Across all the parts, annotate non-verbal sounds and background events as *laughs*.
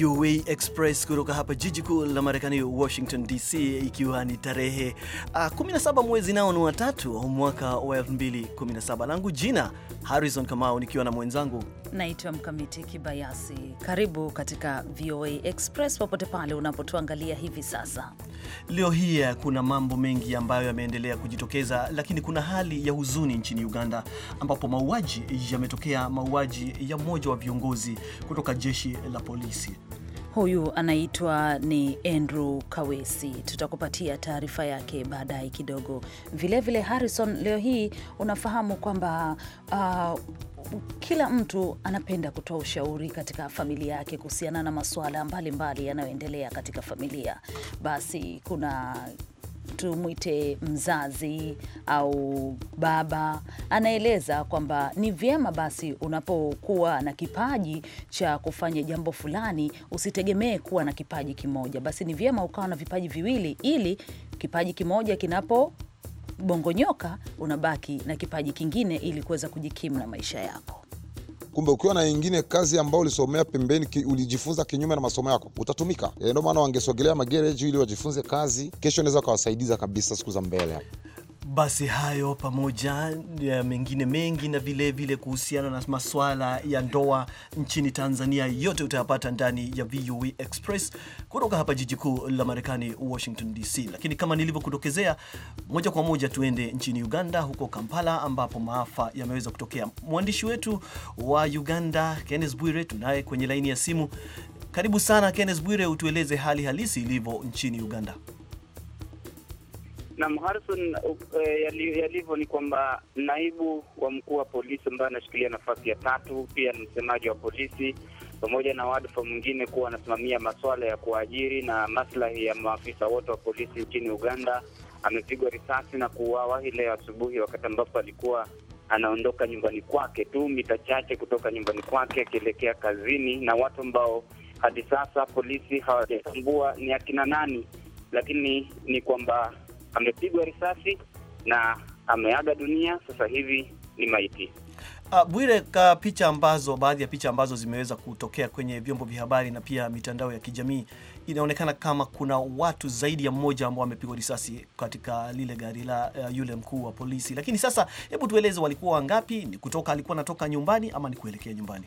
VOA Express kutoka hapa jiji kuu la Marekani, Washington DC, ikiwa ni tarehe 17 ah, mwezi nao ni watatu mwaka wa 2017. Langu jina Harrison Kamau, nikiwa na mwenzangu naitwa Mkamiti Kibayasi. Karibu katika VOA Express popote pale unapotuangalia hivi sasa. Leo hii eh, kuna mambo mengi ambayo yameendelea kujitokeza, lakini kuna hali ya huzuni nchini Uganda ambapo mauaji yametokea, mauaji ya mmoja wa viongozi kutoka jeshi la polisi. Huyu anaitwa ni Andrew Kawesi, tutakupatia taarifa yake baadaye kidogo. Vilevile vile Harrison, leo hii unafahamu kwamba uh, kila mtu anapenda kutoa ushauri katika familia yake kuhusiana na masuala mbalimbali yanayoendelea katika familia. Basi kuna tumwite mzazi au baba, anaeleza kwamba ni vyema basi unapokuwa na kipaji cha kufanya jambo fulani usitegemee kuwa na kipaji kimoja, basi ni vyema ukawa na vipaji viwili, ili kipaji kimoja kinapo bongonyoka unabaki na kipaji kingine ili kuweza kujikimu na maisha yako. Kumbe ukiwa na ingine kazi ambayo ulisomea pembeni ki, ulijifunza kinyume na masomo yako utatumika. E, ndio maana wangesogelea magereji ili wajifunze kazi, kesho unaweza kawasaidiza kabisa siku za mbele. Basi hayo pamoja ya mengine mengi na vile vile kuhusiana na masuala ya ndoa nchini Tanzania, yote utayapata ndani ya VOA e Express kutoka hapa jiji kuu la Marekani, Washington DC. Lakini kama nilivyokutokezea, moja kwa moja tuende nchini Uganda, huko Kampala, ambapo maafa yameweza kutokea. Mwandishi wetu wa Uganda Kenneth Bwire tunaye kwenye laini ya simu. Karibu sana Kenneth Bwire, utueleze hali halisi ilivyo nchini Uganda. Naam, Harrison, eh, yalivyo ni kwamba naibu wa mkuu wa polisi ambaye anashikilia nafasi ya tatu, pia ni msemaji wa polisi pamoja na wadhifa mwingine kuwa anasimamia masuala ya kuajiri na maslahi ya maafisa wote wa polisi nchini Uganda amepigwa risasi na kuuawa hii leo asubuhi, wakati ambapo alikuwa anaondoka nyumbani kwake tu mita chache kutoka nyumbani kwake akielekea kazini, na watu ambao hadi sasa polisi hawajatambua ni akina nani, lakini ni kwamba amepigwa risasi na ameaga dunia, sasa hivi ni maiti. Ah, Bwire, ka picha ambazo baadhi ya picha ambazo zimeweza kutokea kwenye vyombo vya habari na pia mitandao ya kijamii, inaonekana kama kuna watu zaidi ya mmoja ambao wamepigwa risasi katika lile gari la uh, yule mkuu wa polisi. Lakini sasa, hebu tueleze walikuwa wangapi? Ni kutoka alikuwa anatoka nyumbani ama ni kuelekea nyumbani?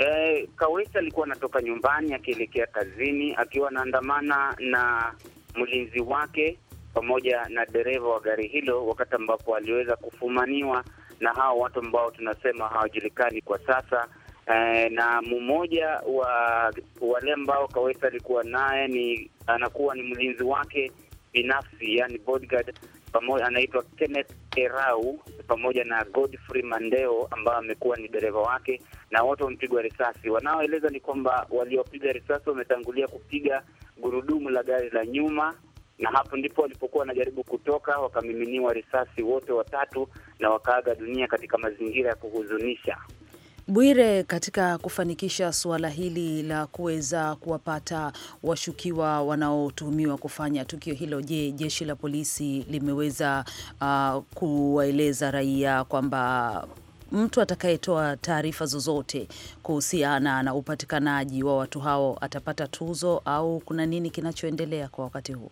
Eh, alikuwa anatoka nyumbani akielekea kazini akiwa anaandamana na mlinzi wake pamoja na dereva wa gari hilo, wakati ambapo aliweza kufumaniwa na hao watu ambao tunasema hawajulikani kwa sasa. E, na mmoja wa wale ambao Kawesa alikuwa naye ni anakuwa ni mlinzi wake binafsi, yani bodyguard pamoja anaitwa Kenneth Erau pamoja na Godfrey Mandeo ambaye amekuwa ni dereva wake, na wote wamepigwa risasi. Wanaoeleza ni kwamba waliopiga risasi wametangulia kupiga gurudumu la gari la nyuma, na hapo ndipo walipokuwa wanajaribu kutoka, wakamiminiwa risasi wote watatu na wakaaga dunia katika mazingira ya kuhuzunisha. Bwire, katika kufanikisha suala hili la kuweza kuwapata washukiwa wanaotuhumiwa kufanya tukio hilo, je, jeshi la polisi limeweza uh, kuwaeleza raia kwamba mtu atakayetoa taarifa zozote kuhusiana na upatikanaji wa watu hao atapata tuzo au kuna nini kinachoendelea kwa wakati huu?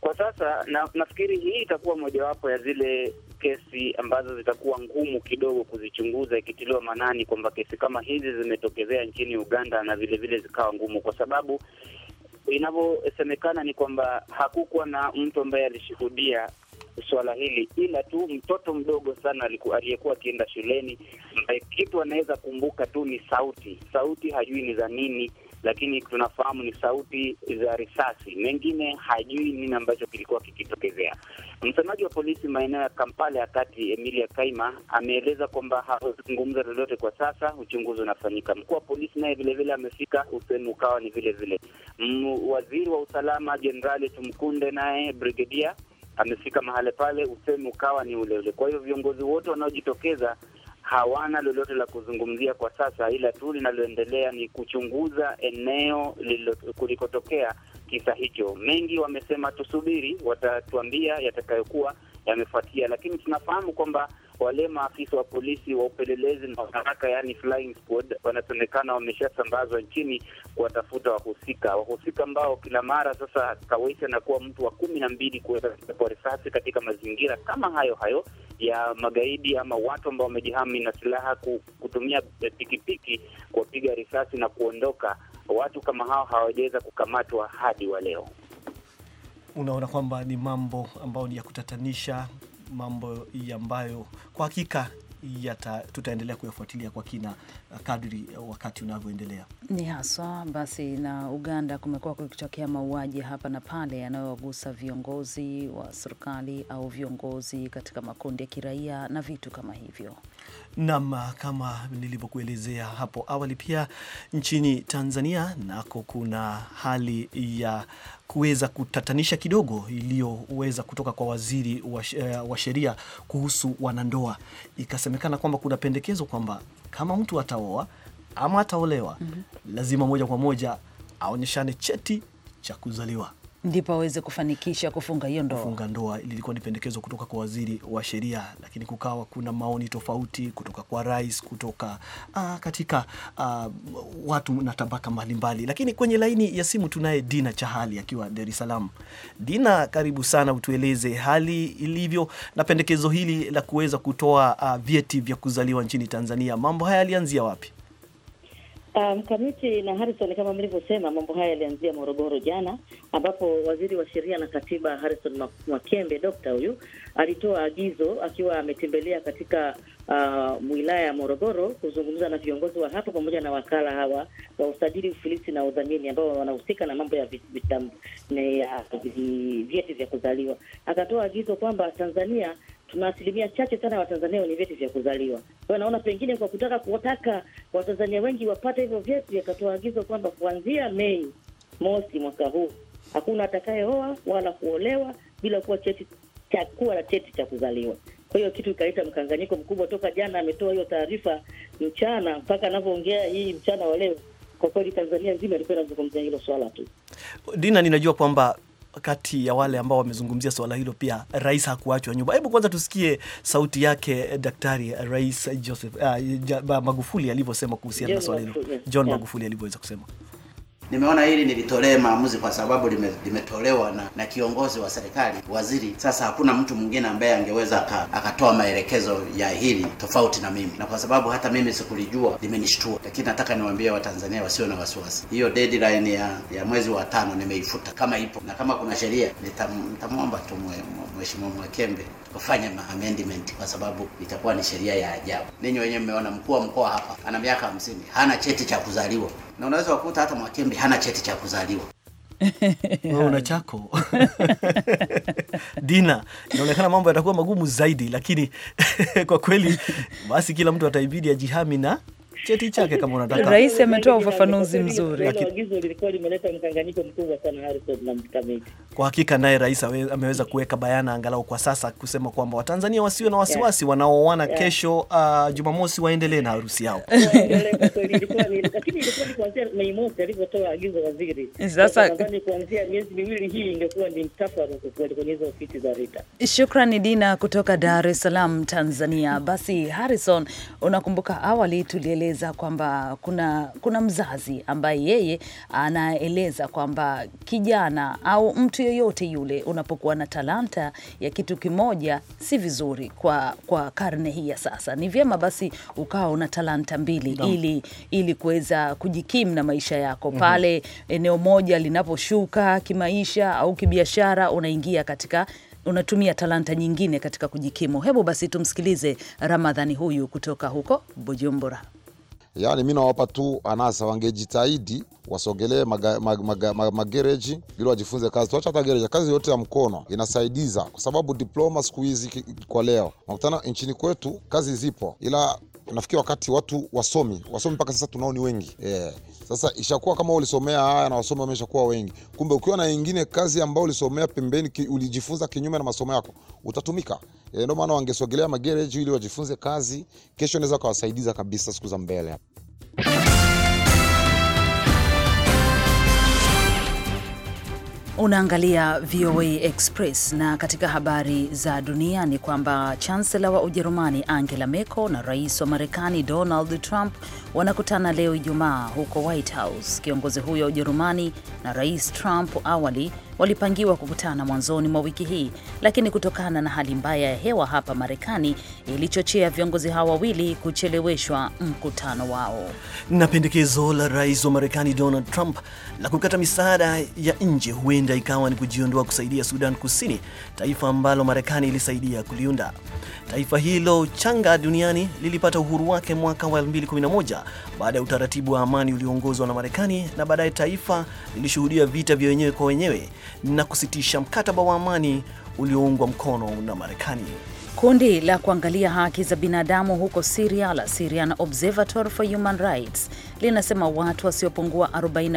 Kwa sasa na, nafikiri hii itakuwa mojawapo ya zile kesi ambazo zitakuwa ngumu kidogo kuzichunguza, ikitiliwa maanani kwamba kesi kama hizi zimetokezea nchini Uganda na vilevile zikawa ngumu, kwa sababu inavyosemekana ni kwamba hakukuwa na mtu ambaye alishuhudia suala hili ila tu mtoto mdogo sana aliyekuwa akienda shuleni, ambaye kitu anaweza kumbuka tu ni sauti. Sauti hajui ni za nini, lakini tunafahamu ni sauti za risasi, mengine hajui nini ambacho kilikuwa kikitokezea. Msemaji wa polisi maeneo ya Kampala ya kati, Emilia Kaima, ameeleza kwamba hawazungumza lolote kwa sasa, uchunguzi unafanyika. Mkuu wa polisi naye vilevile amefika, usemi ukawa ni vile vile. Waziri wa usalama Jenerali Tumkunde naye brigedia amefika mahali pale, usemi ukawa ni ule ule. Kwa hiyo viongozi wote wanaojitokeza hawana lolote la kuzungumzia kwa sasa, ila tu linaloendelea ni kuchunguza eneo kulikotokea kisa hicho. Mengi wamesema tusubiri, watatuambia yatakayokuwa yamefuatia, lakini tunafahamu kwamba wale maafisa wa polisi wa upelelezi na haraka, yani flying squad, wanasemekana wameshasambazwa nchini kuwatafuta wahusika. Wahusika ambao kila mara sasa Kaweesi anakuwa mtu wa kumi na mbili kuweza kwa risasi katika mazingira kama hayo hayo ya magaidi ama watu ambao wamejihami na silaha kutumia eh, pikipiki kuwapiga risasi na kuondoka. Watu kama hao hawajaweza kukamatwa hadi wa leo. Unaona kwamba ni mambo ambayo ni ya kutatanisha mambo ambayo kwa hakika yata tutaendelea kuyafuatilia kwa kina eh, kadri wakati unavyoendelea. Ni haswa basi, na Uganda kumekuwa kukitokea mauaji hapa na pale yanayowagusa viongozi wa serikali au viongozi katika makundi ya kiraia na vitu kama hivyo. Nam, kama nilivyokuelezea hapo awali, pia nchini Tanzania nako kuna hali ya kuweza kutatanisha kidogo iliyoweza kutoka kwa waziri wa eh, sheria kuhusu wanandoa. Ikasemekana kwamba kuna pendekezo kwamba kama mtu ataoa ama ataolewa, mm -hmm. lazima moja kwa moja aonyeshane cheti cha kuzaliwa ndipo aweze kufanikisha kufunga hiyo ndoa. Kufunga ndoa lilikuwa ni pendekezo kutoka kwa waziri wa sheria, lakini kukawa kuna maoni tofauti kutoka kwa rais, kutoka aa, ah, katika aa, ah, watu na tabaka mbalimbali. Lakini kwenye laini ya simu tunaye Dina Chahali akiwa Dar es Salaam. Dina, karibu sana, utueleze hali ilivyo na pendekezo hili la kuweza kutoa ah, vyeti vya kuzaliwa nchini Tanzania. Mambo haya yalianzia wapi? Mkamiti um, na Harrison, kama mlivyosema, mambo haya yalianzia Morogoro jana, ambapo waziri wa sheria na katiba Harrison Mwakembe dokta huyu alitoa agizo akiwa ametembelea katika uh, wilaya ya Morogoro kuzungumza na viongozi wa hapo pamoja na wakala hawa wa usajili, ufilisi na udhamini ambao wanahusika na mambo ya vyeti vya kuzaliwa. Akatoa agizo kwamba Tanzania tuna asilimia chache sana Watanzania wenye vyeti vya kuzaliwa. Kwa hiyo naona pengine kwa kutaka kuwataka Watanzania wengi wapate hivyo vyeti, akatoa agizo kwamba kuanzia Mei mosi mwaka huu hakuna atakayeoa wala kuolewa bila kuwa cheti cha kuwa na cheti cha kuzaliwa. Kwa hiyo kitu ikaleta mkanganyiko mkubwa toka jana, ametoa hiyo taarifa mchana mpaka anavyoongea hii mchana wa leo. Kwa kweli Tanzania nzima ilikuwa inazungumzia hilo swala tu. Dina, ninajua kwamba kati ya wale ambao wamezungumzia swala hilo pia rais hakuachwa nyuma. Hebu kwanza tusikie sauti yake eh, Daktari eh, Rais Joseph uh, Magufuli alivyosema kuhusiana na swala hilo, John Magufuli alivyoweza kusema nimeona hili nilitolee maamuzi kwa sababu lime, limetolewa na, na kiongozi wa serikali waziri. Sasa hakuna mtu mwingine ambaye angeweza akatoa maelekezo ya hili tofauti na mimi, na kwa sababu hata mimi sikulijua limenishtua, lakini nataka niwaambie Watanzania wasio na wasiwasi, hiyo deadline ya, ya mwezi wa tano nimeifuta kama ipo, na kama kuna sheria nitamwomba tu Mheshimiwa Mwakembe kufanya amendment kwa sababu itakuwa ni sheria ya ajabu. Ninyi wenyewe mmeona mkuu wa mkoa hapa ana miaka hamsini, hana cheti cha kuzaliwa na unaweza kukuta hata mwakembe hana cheti cha kuzaliwa. Wewe una chako *laughs* Dina, inaonekana mambo yatakuwa magumu zaidi, lakini *laughs* kwa kweli basi kila mtu ataibidi ajihami na cheti chake kama unataka. Rais ametoa ufafanuzi mzuri. Agizo lilikuwa limeleta mkanganyiko mkubwa sana Harrison na mkamiti. Kwa hakika naye rais ameweza kuweka bayana angalau kwa sasa kusema kwamba Watanzania wasiwe na wasiwasi, yeah. wanaoana kesho uh, Jumamosi waendelee na harusi yao. sasa. Shukrani Dina kutoka Dar es Salaam, Tanzania. Basi Harrison, unakumbuka awali tulieleza anaeleza kwamba kuna, kuna mzazi ambaye yeye anaeleza kwamba kijana au mtu yoyote yule, unapokuwa na talanta ya kitu kimoja si vizuri kwa, kwa karne hii ya sasa. Ni vyema basi ukawa una talanta mbili no. ili, ili kuweza kujikimu na maisha yako mhm. pale mm -hmm. eneo moja linaposhuka kimaisha au kibiashara, unaingia katika unatumia talanta nyingine katika kujikimu. Hebu basi tumsikilize Ramadhani huyu kutoka huko Bujumbura. Yani mi nawapa tu anasa, wangejitahidi wasogelee magereji mag, mag, mag, ili wajifunze kazi. Tuacha hata gereji, kazi yote ya mkono inasaidiza, kwa sababu diploma siku hizi kwa leo nakutana nchini kwetu kazi zipo, ila nafikiri wakati watu wasomi wasomi mpaka sasa tunao ni wengi yeah. Sasa ishakuwa kama ulisomea haya na wasomi wameshakuwa wengi, kumbe ukiwa na ingine kazi ambayo ulisomea pembeni ki, ulijifunza kinyume na masomo yako utatumika. E, ndio maana wangesogelea magereji ili wajifunze kazi, kesho naweza kawasaidiza kabisa siku za mbele. Unaangalia VOA Express na katika habari za dunia ni kwamba chansela wa Ujerumani Angela Merkel na rais wa Marekani Donald Trump wanakutana leo Ijumaa huko White House. Kiongozi huyo wa Ujerumani na rais Trump awali walipangiwa kukutana mwanzoni mwa wiki hii, lakini kutokana na hali mbaya ya hewa hapa Marekani ilichochea viongozi hawa wawili kucheleweshwa mkutano wao. Na pendekezo la rais wa Marekani Donald Trump la kukata misaada ya nje huenda ikawa ni kujiondoa kusaidia Sudan Kusini, taifa ambalo Marekani ilisaidia kuliunda. Taifa hilo changa duniani lilipata uhuru wake mwaka wa 2011 baada ya utaratibu wa amani ulioongozwa na Marekani, na baadaye taifa lilishuhudia vita vya wenyewe kwa wenyewe na kusitisha mkataba wa amani ulioungwa mkono na Marekani. Kundi la kuangalia haki za binadamu huko Siria la Syrian Observatory for Human Rights linasema watu wasiopungua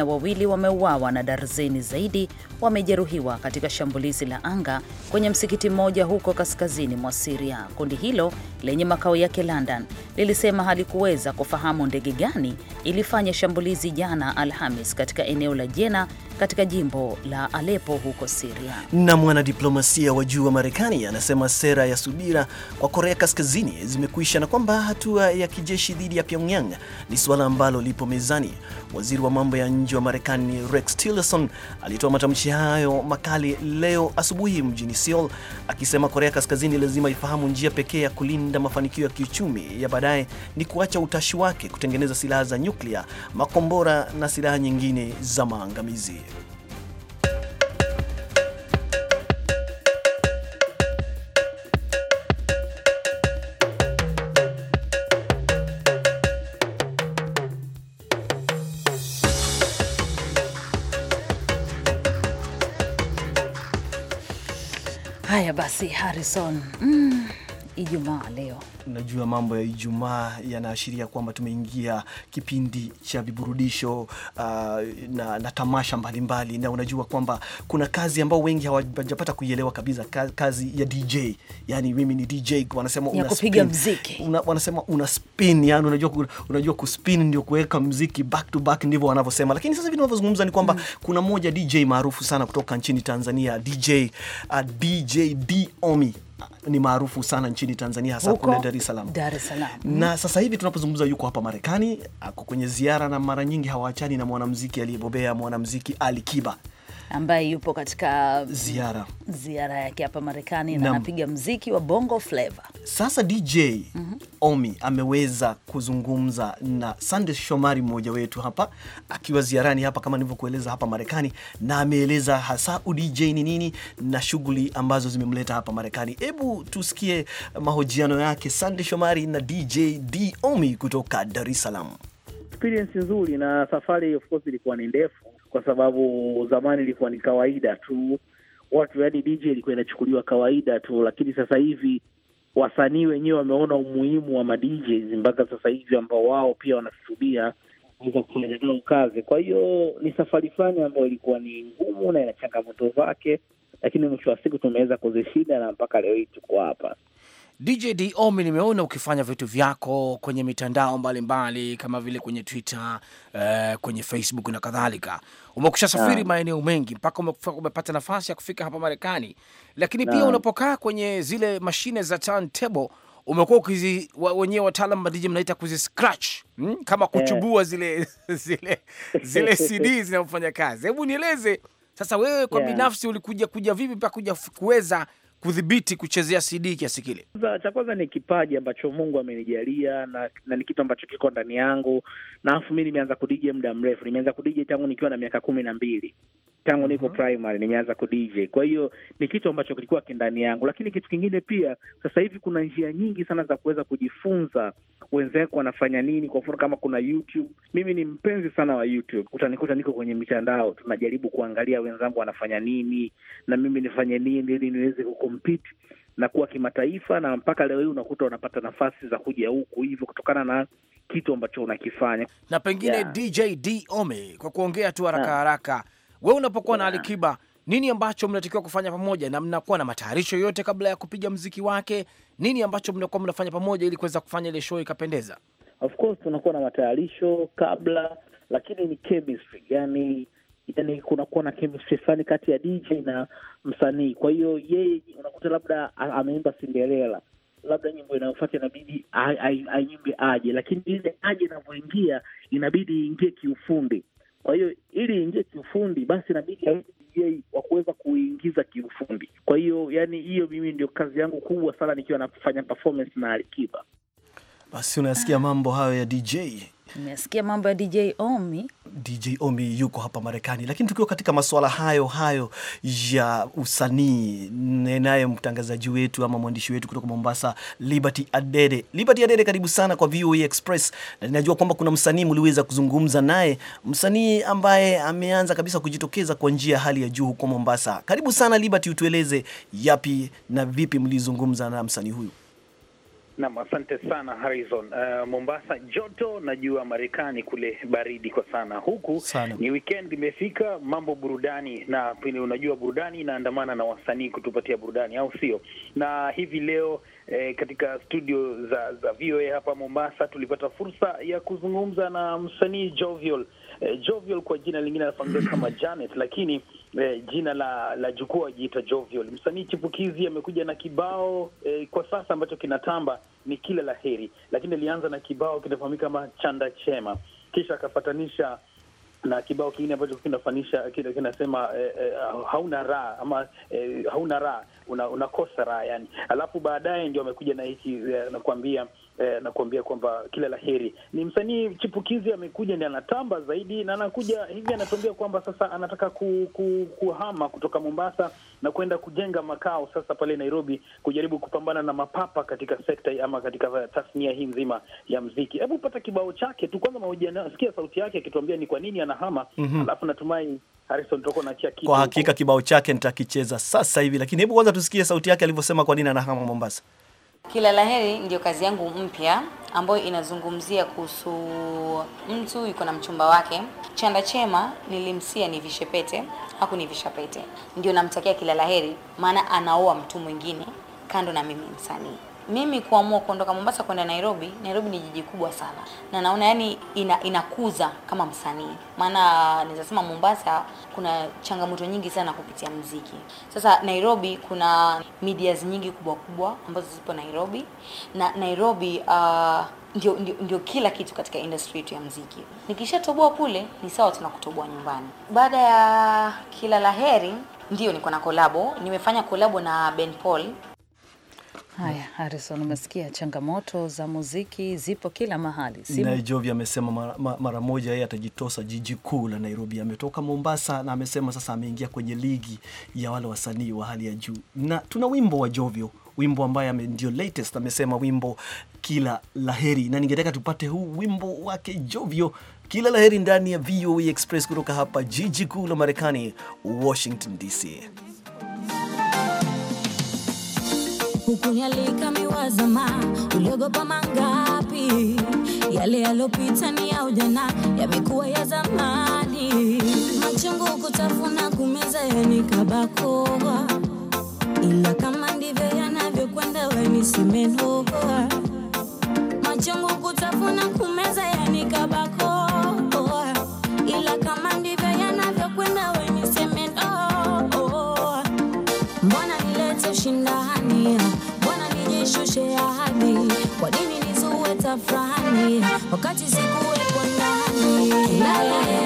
wawili wameuawa na darzeni zaidi wamejeruhiwa katika shambulizi la anga kwenye msikiti mmoja huko kaskazini mwa Siria. Kundi hilo lenye makao yake London lilisema halikuweza kufahamu ndege gani ilifanya shambulizi jana Alhamis katika eneo la Jena katika jimbo la Alepo huko Siria. Na mwanadiplomasia wa juu wa Marekani anasema sera ya subira kwa Korea Kaskazini zimekwisha na kwamba hatua ya kijeshi dhidi ya Pyongyang ni suala ambalo zipo mezani. Waziri wa mambo ya nje wa Marekani Rex Tillerson alitoa matamshi hayo makali leo asubuhi mjini Seoul, akisema Korea Kaskazini lazima ifahamu njia pekee ya kulinda mafanikio ya kiuchumi ya baadaye ni kuacha utashi wake kutengeneza silaha za nyuklia, makombora na silaha nyingine za maangamizi. Sí, Harrison. Mm. Ijumaa leo. Unajua, mambo ya Ijumaa yanaashiria kwamba tumeingia kipindi cha viburudisho uh, na, na tamasha mbalimbali mbali. Na unajua kwamba kuna kazi ambao wengi hawajapata kuielewa kabisa, kazi ya DJ. Yani mimi ni DJ, wanasema una kupiga mziki una, wanasema una spin, yani unajua, unajua kuspin ndio kuweka mziki back to back, ndivyo wanavyosema. Lakini sasa hivi tunavyozungumza ni kwamba mm, kuna moja DJ maarufu sana kutoka nchini Tanzania DJ, uh, DJ Diomi ni maarufu sana nchini Tanzania, hasa kule Dar es Salaam. Dar es Salaam na sasa hivi tunapozungumza yuko hapa Marekani, ako kwenye ziara, na mara nyingi hawaachani na mwanamuziki aliyebobea, mwanamuziki Ali Kiba ambaye yupo katika ziara ziara yake hapa Marekani na anapiga mziki wa bongo flava. Sasa DJ mm -hmm. Omi ameweza kuzungumza na Sande Shomari, mmoja wetu hapa akiwa ziarani hapa kama nilivyokueleza hapa Marekani, na ameeleza hasa udj ni nini na shughuli ambazo zimemleta hapa Marekani. Hebu tusikie mahojiano yake Sande Shomari na DJ D Omi kutoka Dar es Salaam. Experience nzuri na safari of course ilikuwa ni ndefu kwa sababu zamani ilikuwa ni kawaida tu watu, yani DJ ilikuwa inachukuliwa kawaida tu, lakini sasa hivi wasanii wenyewe wameona umuhimu wa madjs mpaka sasa hivi ambao wao pia wanasubia kuweza kufanya nao kazi. Kwa hiyo ni safari fulani ambayo ilikuwa ni ngumu na ina changamoto zake, lakini mwisho wa siku tumeweza kuzishinda na mpaka leo hii tuko hapa. DJ Domi, nimeona ukifanya vitu vyako kwenye mitandao mbalimbali mbali, kama vile kwenye Twitter eh, kwenye Facebook na kadhalika. Umekusha safiri yeah, maeneo mengi mpaka umepata nafasi ya kufika hapa Marekani, lakini yeah, pia unapokaa kwenye zile mashine za turntable umekuwa ukizi wenyewe wataalam wa DJ mnaita kuzi scratch hmm? kama eh. kuchubua yeah, *laughs* zile zile zile *laughs* CD zinazofanya kazi. Hebu nieleze sasa, wewe kwa yeah, binafsi ulikuja kuja vipi mpaka kuja kuweza kudhibiti kuchezea CD kiasi kile? Cha kwanza ni kipaji ambacho Mungu amenijalia na, na ni kitu ambacho kiko ndani yangu, na alafu mi nimeanza kudj muda mrefu, nimeanza kudj tangu nikiwa na miaka kumi na mbili tangu mhm. niko primary nimeanza ku DJ. Kwa hiyo ni kitu ambacho kilikuwa kindani yangu, lakini kitu kingine pia, sasa hivi kuna njia nyingi sana za kuweza kujifunza wenzako wanafanya nini. Kwa mfano kama kuna YouTube, mimi ni mpenzi sana wa YouTube, utanikuta niko kwenye mitandao, tunajaribu kuangalia wenzangu wanafanya nini na mimi nifanye nini ili niweze ku kukompiti na kuwa kimataifa, na mpaka leo hii unakuta wanapata nafasi za kuja huku hivyo kutokana na kitu ambacho unakifanya. Na pengine yeah. DJ Ome, kwa kuongea tu haraka haraka, we unapokuwa yeah. na Alikiba, nini ambacho mnatakiwa kufanya pamoja, na mnakuwa na matayarisho yote kabla ya kupiga mziki wake? Nini ambacho mnakuwa mnafanya pamoja ili kuweza kufanya ile show ikapendeza? Of course tunakuwa na matayarisho kabla, lakini ni chemistry, yani yani kunakuwa na chemistry fulani kati ya DJ na msanii. Kwa hiyo yeye unakuta labda ameimba Cinderella, labda nyimbo inayofuata inabidi ainyimbe aje, lakini ile aje inavyoingia inabidi iingie kiufundi. Kwa hiyo ili iingie kiufundi, basi inabidi DJ wa kuweza kuingiza kiufundi. Kwa hiyo yani, hiyo mimi ndio kazi yangu kubwa sana nikiwa nafanya performance na Alikiba. Basi unayasikia mambo hayo ya DJ Nimesikia mambo ya DJ Omi. DJ Omi yuko hapa Marekani. Lakini tukiwa katika masuala hayo hayo ya usanii, nnaye mtangazaji wetu ama mwandishi wetu kutoka Mombasa, Liberty Adede. Liberty Adede, karibu sana kwa VOA e Express, na ninajua kwamba kuna msanii mliweza kuzungumza naye, msanii ambaye ameanza kabisa kujitokeza kwa njia ya hali ya juu huko Mombasa. Karibu sana Liberty, utueleze yapi na vipi mlizungumza na msanii huyu? Nam, asante sana harizon Uh, Mombasa joto, najua Marekani kule baridi kwa sana huku sana. Ni weekend imefika, mambo burudani, na pili, unajua burudani inaandamana na wasanii kutupatia burudani, au sio? Na hivi leo eh, katika studio za za VOA hapa Mombasa tulipata fursa ya kuzungumza na msanii Jovial eh, Jovial kwa jina lingine anafahamika kama Janet, lakini eh, jina la la jukwaa jiita Jovial. Msanii chipukizi amekuja na kibao eh, kwa sasa ambacho kinatamba ni kila la heri, lakini alianza na kibao kinafahamika kama chanda chema, kisha akapatanisha na kibao kingine ambacho kinafanisha kinasema eh, eh, hauna raha ama eh, hauna raha unakosa una raha yani, alafu baadaye ndio amekuja na hiki eh, nakuambia eh, na kuambia kwamba kila la heri. Ni msanii chipukizi, amekuja ndi anatamba zaidi, na anakuja hivi, anatuambia kwamba sasa anataka ku, ku, kuhama kutoka Mombasa na kwenda kujenga makao sasa pale Nairobi, kujaribu kupambana na mapapa katika sekta ama katika tasnia hii nzima ya mziki. Hebu pata kibao chake tu kwanza, sikia sauti yake akituambia ni kwa nini anahama. mm -hmm. Alafu natumai Harrison na kia kitu. Kwa hakika kibao chake nitakicheza sasa hivi, lakini hebu kwanza tusikie sauti yake alivyosema kwa nini anahama Mombasa. Kila Laheri ndiyo kazi yangu mpya ambayo inazungumzia kuhusu mtu yuko na mchumba wake. Chanda chema nilimsia nivishe pete, hakunivisha pete. Ndio namtakia kila laheri, maana anaoa mtu mwingine kando na mimi msanii mimi kuamua kuondoka Mombasa kwenda Nairobi, Nairobi ni jiji kubwa sana na naona yani ina, inakuza kama msanii, maana naweza sema Mombasa kuna changamoto nyingi sana kupitia mziki. Sasa Nairobi kuna medias nyingi kubwa kubwa ambazo zipo Nairobi na Nairobi uh, ndio, ndio, ndio kila kitu katika industry yetu ya mziki. Nikishatoboa kule ni sawa tuna kutoboa nyumbani. Baada ya kila laheri ndio niko na kolabo, nimefanya kolabo na Ben Paul Haya, Harrison, umesikia changamoto za muziki zipo kila mahali. Naye Jovi amesema mara, mara moja yeye atajitosa jiji kuu la Nairobi. Ametoka Mombasa na amesema sasa ameingia kwenye ligi ya wale wasanii wa hali ya juu, na tuna wimbo wa jovyo wimbo ambaye ndio latest, amesema wimbo kila laheri, na ningetaka tupate huu wimbo wake jovyo kila laheri ndani ya VOA e Express kutoka hapa jiji kuu la Marekani, Washington DC. Ukunialika miwazama, uliogopa mangapi? Yale yalopita ni ya ujana, yamekuwa ya zamani. Machungu kutafuna kumeza, yanikabakoa, ila kama ndivyo yanavyokwenda, weni simenoa. Machungu kutafuna kumeza, yanikabakoa, ila kama wakati sikuwepo ndani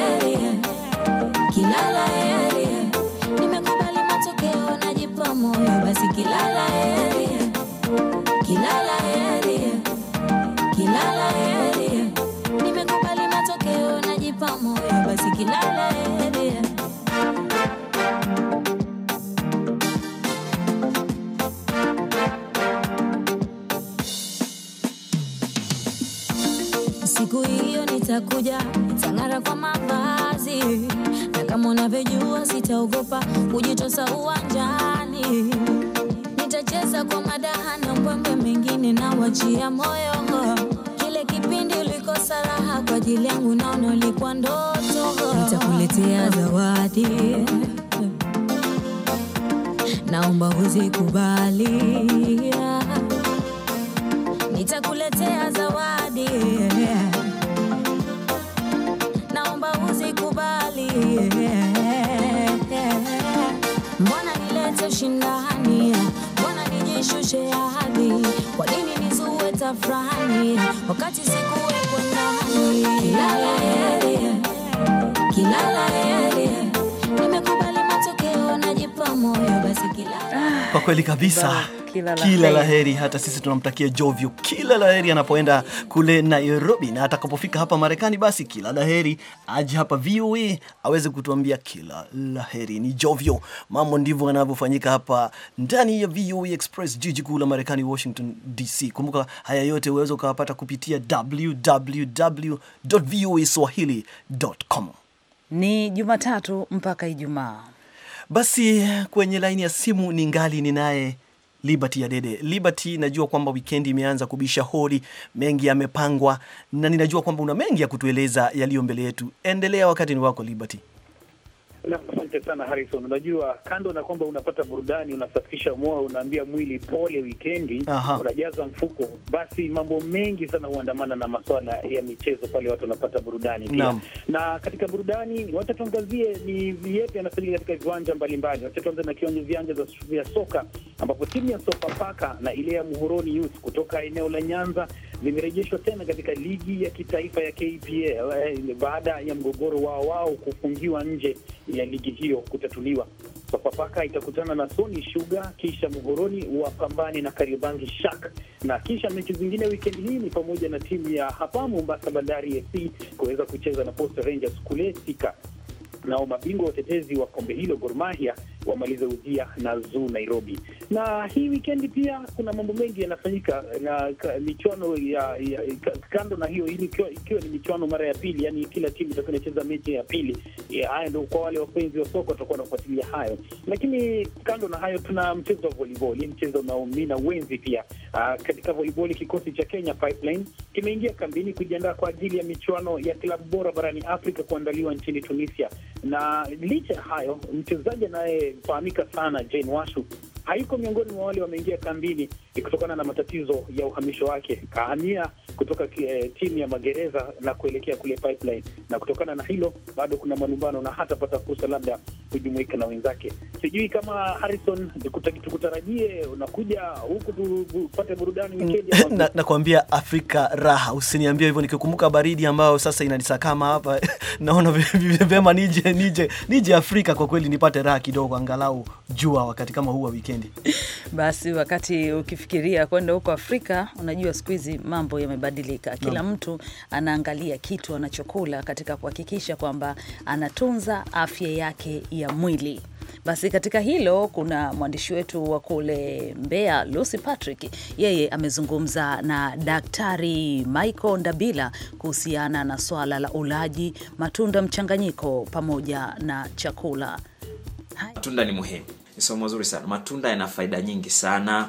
moyo kile kipindi ulikosa raha kwa ajili yangu, naona ulikuwa ndoto. Nitakuletea zawadi, naomba uzikubali. Nitakuletea zawadi, Mbona nilete ushindani? Mbona nijishushe? nitafurahi wakati sikuwepo nami. Kwa kweli kabisa, kila laheri kila la heri. Hata sisi tunamtakia Jovyo kila la heri anapoenda kule Nairobi, na atakapofika hapa Marekani basi kila la heri aje hapa VOA aweze kutuambia kila la heri. Ni Jovyo, mambo ndivyo yanavyofanyika hapa ndani ya VOA Express, jiji kuu la Marekani, Washington DC. Kumbuka haya yote uweze ukawapata kupitia www.voaswahili.com. Ni Jumatatu mpaka Ijumaa basi kwenye laini ya simu ni ngali ninaye Liberty ya Dede. Liberty, najua kwamba wikendi imeanza kubisha hodi, mengi yamepangwa na ninajua kwamba una mengi ya kutueleza yaliyo mbele yetu. Endelea, wakati ni wako Liberty. Naam, asante sana Harrison. Unajua, kando na kwamba unapata burudani, unasafisha moyo, unaambia mwili pole wikendi, unajaza mfuko, basi mambo mengi sana huandamana na maswala ya michezo pale watu wanapata burudani pia. Na katika burudani, wacha tuangazie ni yepi yanafanyika katika viwanja mbalimbali. Wacha tuanze na kiwanja viwanja vya soka ambapo timu ya Sofapaka na ile ya Muhoroni Youth kutoka eneo la Nyanza limerejeshwa tena katika ligi ya kitaifa ya KPL eh, baada ya mgogoro wao wao kufungiwa nje ya ligi hiyo kutatuliwa. Sofapaka itakutana na Sony Sugar, kisha Muhoroni wapambane na Kariobangi Shark, na kisha mechi zingine wikendi hii ni pamoja na timu ya hapa Mombasa Bandari FC kuweza kucheza na Posta Rangers kule Sika, nao mabingwa watetezi wa kombe hilo Gor Mahia wamalize udhia na zoo Nairobi. Na hii wikendi pia kuna mambo mengi yanafanyika na michuano ya, ya, kando na hiyo hii ikiwa ni michuano mara ya pili, yani kila timu itakuwa inacheza mechi ya pili. Haya ndo kwa wale wapenzi wa soka watakuwa wanafuatilia hayo, lakini kando na hayo tuna mchezo wa volleyball, mchezo unaomina wenzi pia. Aa, ah, katika volleyball kikosi cha Kenya Pipeline kimeingia kambini kujiandaa kwa ajili ya michuano ya klabu bora barani Afrika kuandaliwa nchini Tunisia, na licha ya hayo mchezaji anaye anayefahamika sana Jane Washu hayuko miongoni mwa wale wameingia kambini kutokana na matatizo ya uhamisho wake. Kahamia kutoka eh, timu ya magereza na kuelekea kule Pipeline, na kutokana na hilo bado kuna malumbano na hatapata fursa labda kujumuika na wenzake. Sijui kama Harrison, tukutarajie unakuja huku tupate burudani mm, wikendi. *laughs* Nakwambia Afrika raha, usiniambia hivyo nikikumbuka baridi ambayo sasa inanisakama hapa *laughs* naona vyema nije nije nije Afrika kwa kweli, nipate raha kidogo, angalau jua wakati kama huu wa wikendi. *laughs* Basi wakati ukifikiria kwenda huko Afrika, unajua siku hizi mambo yamebadilika, kila no. mtu anaangalia kitu anachokula katika kuhakikisha kwamba anatunza afya yake ya ya mwili. Basi katika hilo kuna mwandishi wetu wa kule Mbeya, Lucy Patrick, yeye amezungumza na Daktari Michael Ndabila kuhusiana na swala la ulaji matunda mchanganyiko pamoja na chakula. Hai. Matunda ni muhimu, ni somo zuri sana. Matunda yana faida nyingi sana,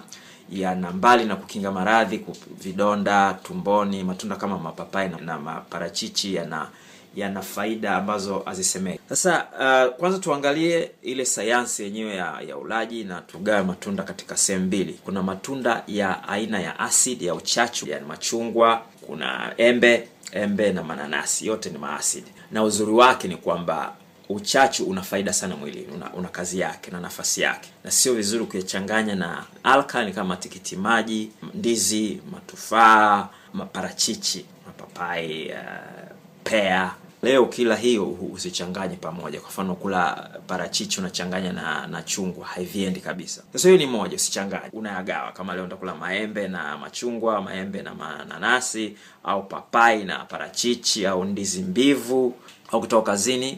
yana mbali na kukinga maradhi, vidonda tumboni. Matunda kama mapapai na maparachichi yana yana faida ambazo hazisemeki. Sasa uh, kwanza tuangalie ile sayansi yenyewe ya, ya ulaji na tugawe matunda katika sehemu mbili. Kuna matunda ya aina ya asid ya uchachu, yani machungwa, kuna embe, embe na mananasi, yote ni maasid na uzuri wake ni kwamba uchachu una faida sana mwilini, una, una kazi yake na nafasi yake, na sio vizuri kuyachanganya na alkali kama tikiti maji, ndizi, matufaa, maparachichi, mapapai uh, pea leo kila hiyo usichanganye pamoja. Kwa mfano kula parachichi unachanganya na na chungwa, haiviendi kabisa. Sasa hiyo ni moja, usichanganye, unayagawa. Kama leo nitakula maembe na machungwa, maembe na mananasi, au papai na parachichi, au ndizi mbivu, au kutoka kazini,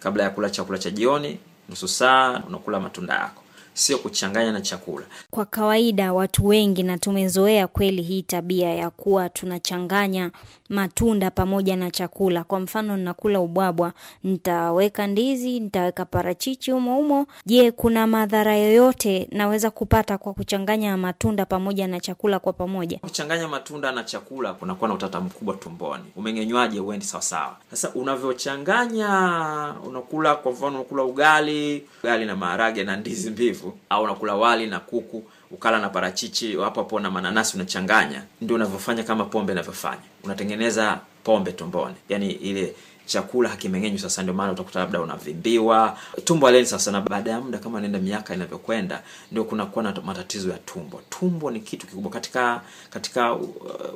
kabla ya kula chakula cha jioni, nusu saa unakula matunda yako sio kuchanganya na chakula. Kwa kawaida watu wengi, na tumezoea kweli hii tabia ya kuwa tunachanganya matunda pamoja na chakula. Kwa mfano, nakula ubwabwa, nitaweka ndizi, nitaweka parachichi humo humo. Je, kuna madhara yoyote naweza kupata kwa kuchanganya matunda pamoja na chakula kwa pamoja? Kuchanganya matunda na chakula kunakuwa na utata mkubwa tumboni, umeng'enywaji hauendi sawasawa. Sasa unavyochanganya, unakula kwa mfano, unakula ugali ugali na maharage na ndizi mbivu hivyo, au unakula wali na kuku ukala na parachichi hapo hapo na mananasi unachanganya, ndio unavyofanya kama pombe inavyofanya, unatengeneza pombe tumboni, yani ile chakula hakimeng'enywi. Sasa ndio maana utakuta labda unavimbiwa tumbo aleni. Sasa na baada ya muda, kama nenda miaka inavyokwenda, ndio kunakuwa na matatizo ya tumbo. Tumbo ni kitu kikubwa katika katika uh,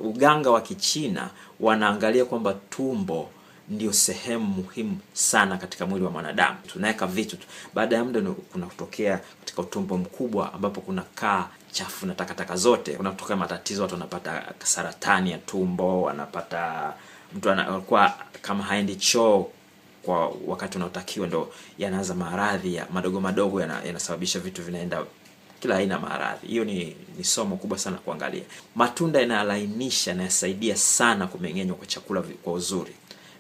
uganga wa Kichina, wanaangalia kwamba tumbo ndio sehemu muhimu sana katika mwili wa mwanadamu. Tunaweka vitu tu, baada ya muda kuna kutokea katika utumbo mkubwa ambapo kuna kaa chafu na takataka zote, kuna kutokea matatizo, watu wanapata saratani ya tumbo, wanapata mtu anakuwa kama haendi choo kwa wakati unaotakiwa, ndo yanaanza maradhi ya madogo madogo, yanasababisha ya vitu vinaenda kila aina maradhi. Hiyo ni, ni somo kubwa sana kuangalia. Matunda yanalainisha na yasaidia sana kumeng'enywa kwa chakula kwa uzuri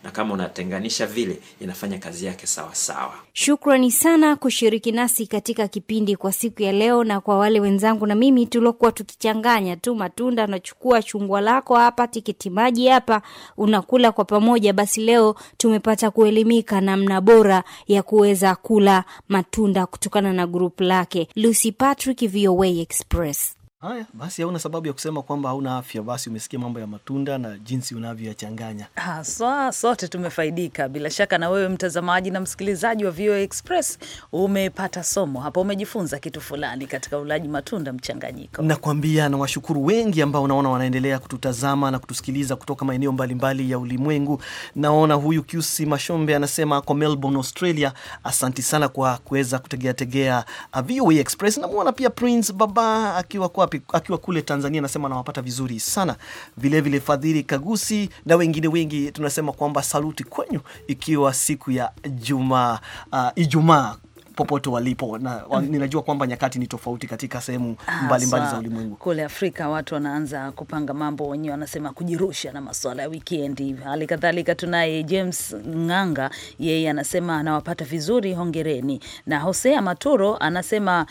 na kama unatenganisha vile inafanya kazi yake sawasawa sawa. Shukrani sana kushiriki nasi katika kipindi kwa siku ya leo, na kwa wale wenzangu na mimi tuliokuwa tukichanganya tu matunda, unachukua chungwa lako hapa, tikitimaji maji hapa, unakula kwa pamoja. Basi leo tumepata kuelimika namna bora ya kuweza kula matunda kutokana na grupu lake. Lucy Patrick, VOA Express. Haya, basi hauna sababu ya kusema kwamba hauna afya. Basi umesikia mambo ya matunda na jinsi unavyoyachanganya haswa. Sote tumefaidika bila shaka, na wewe mtazamaji na msikilizaji wa VOA Express umepata somo hapo, umejifunza kitu fulani katika ulaji matunda mchanganyiko. Nakwambia, na washukuru wengi ambao naona wanaendelea kututazama na kutusikiliza kutoka maeneo mbalimbali ya ulimwengu. Naona huyu QC Mashombe anasema ako Melbourne, Australia. Asanti sana kwa kuweza kutegeategea uh, VOA Express. Namwona pia Prince Baba akiwa kwa akiwa kule Tanzania anasema anawapata vizuri sana vilevile vile Fadhili Kagusi na wengine wengi, tunasema kwamba saluti kwenyu ikiwa siku ya juma, uh, Ijumaa popote walipo na, wa, mm. ninajua kwamba nyakati ni tofauti katika sehemu ah, mbalimbali za ulimwengu. Kule Afrika watu wanaanza kupanga mambo wenyewe, wanasema kujirusha na masuala ya wikendi. Hali kadhalika tunaye James Ng'anga, yeye anasema anawapata vizuri, hongereni. Na Hosea Maturo anasema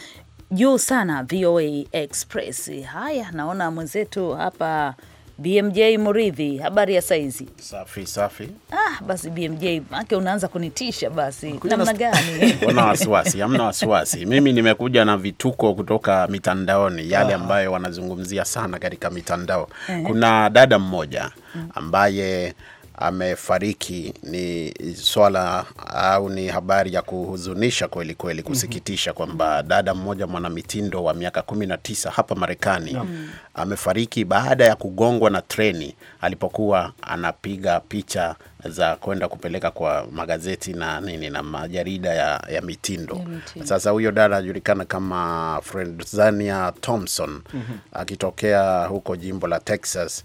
juu sana VOA Express. Haya, naona mwenzetu hapa BMJ Muridhi, habari ya saizi? Safi safi. Ah, basi BMJ, make unaanza kunitisha basi, namna gani? *laughs* Una wasiwasi? Hamna wasiwasi, mimi nimekuja na vituko kutoka mitandaoni, yale ah. ambayo wanazungumzia sana katika mitandao. Eh. Kuna dada mmoja mm. ambaye amefariki ni swala au ni habari ya kuhuzunisha kweli kweli, mhm. kusikitisha kwamba dada mmoja mwanamitindo wa miaka 19 hapa Marekani yeah, amefariki baada ya kugongwa na treni alipokuwa anapiga picha za kwenda kupeleka kwa magazeti na nini na majarida ya, ya mitindo yeah. mitindo. Sasa huyo dada anajulikana kama Fredzania Thompson mm -hmm. akitokea huko jimbo la Texas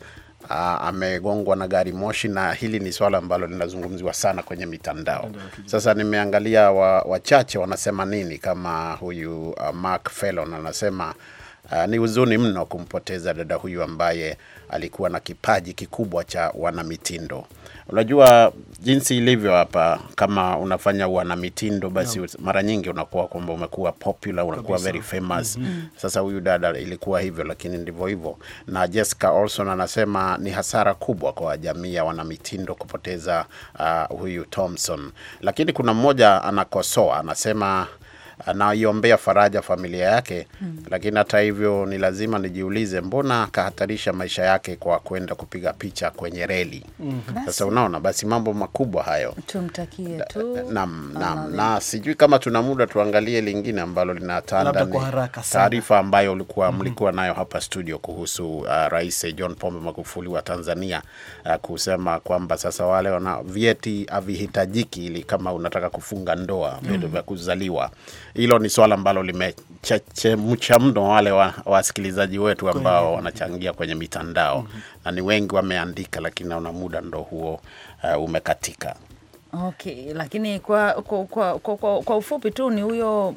Ah, amegongwa na gari moshi, na hili ni swala ambalo linazungumziwa sana kwenye mitandao. Sasa nimeangalia wachache wa wanasema nini, kama huyu uh, Mark Felon anasema Uh, ni huzuni mno kumpoteza dada huyu ambaye alikuwa na kipaji kikubwa cha wanamitindo. Unajua jinsi ilivyo hapa, kama unafanya wanamitindo basi no. mara nyingi unakuwa kwamba umekuwa popular, unakuwa very famous mm -hmm. Sasa huyu dada ilikuwa hivyo, lakini ndivyo hivyo. Na Jessica Olson anasema ni hasara kubwa kwa jamii ya wanamitindo kupoteza uh, huyu Thompson, lakini kuna mmoja anakosoa, anasema anaiombea faraja familia yake hmm. Lakini hata hivyo ni lazima nijiulize, mbona akahatarisha maisha yake kwa kwenda kupiga picha kwenye reli? Hmm. Sasa unaona, basi mambo makubwa hayo. Tumtakie tu eh, Na sijui kama tuna muda, tuangalie lingine ambalo linatanda, taarifa ambayo ulikuwa hmm. mlikuwa nayo hapa studio kuhusu uh, Rais John Pombe Magufuli wa Tanzania uh, kusema kwamba sasa wale wana vyeti havihitajiki ili kama unataka kufunga ndoa, vyeti hmm. vya kuzaliwa hilo ni swala ambalo limechechemcha mno wale wasikilizaji wa wetu ambao wanachangia kwenye mitandao mm -hmm. na ni wengi wameandika, lakini naona muda ndo huo uh, umekatika. Okay, lakini kwa kwa, kwa, kwa, kwa ufupi tu ni huyo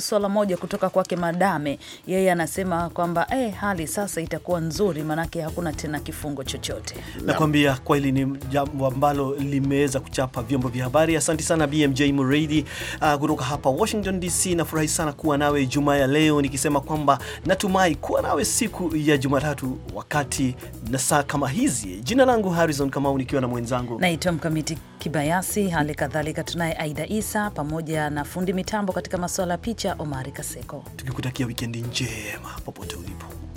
swala moja kutoka kwake Madame, yeye anasema kwamba eh, hali sasa itakuwa nzuri, maanake hakuna tena kifungo chochote. Nakwambia kweli ni jambo ambalo limeweza kuchapa vyombo vya habari. Asante sana BMJ uh, ah, kutoka hapa Washington DC. Nafurahi sana kuwa nawe jumaa ya leo, nikisema kwamba natumai kuwa nawe siku ya Jumatatu wakati na saa kama hizi. Jina langu Harrison Kamau, nikiwa na mwenzangu naitwa Mkamiti Kibayasi, hali kadhalika tunaye Aida Isa pamoja na fundi mitambo katika masuala ya picha Omari Kaseko, tukikutakia wikendi njema popote ulipo.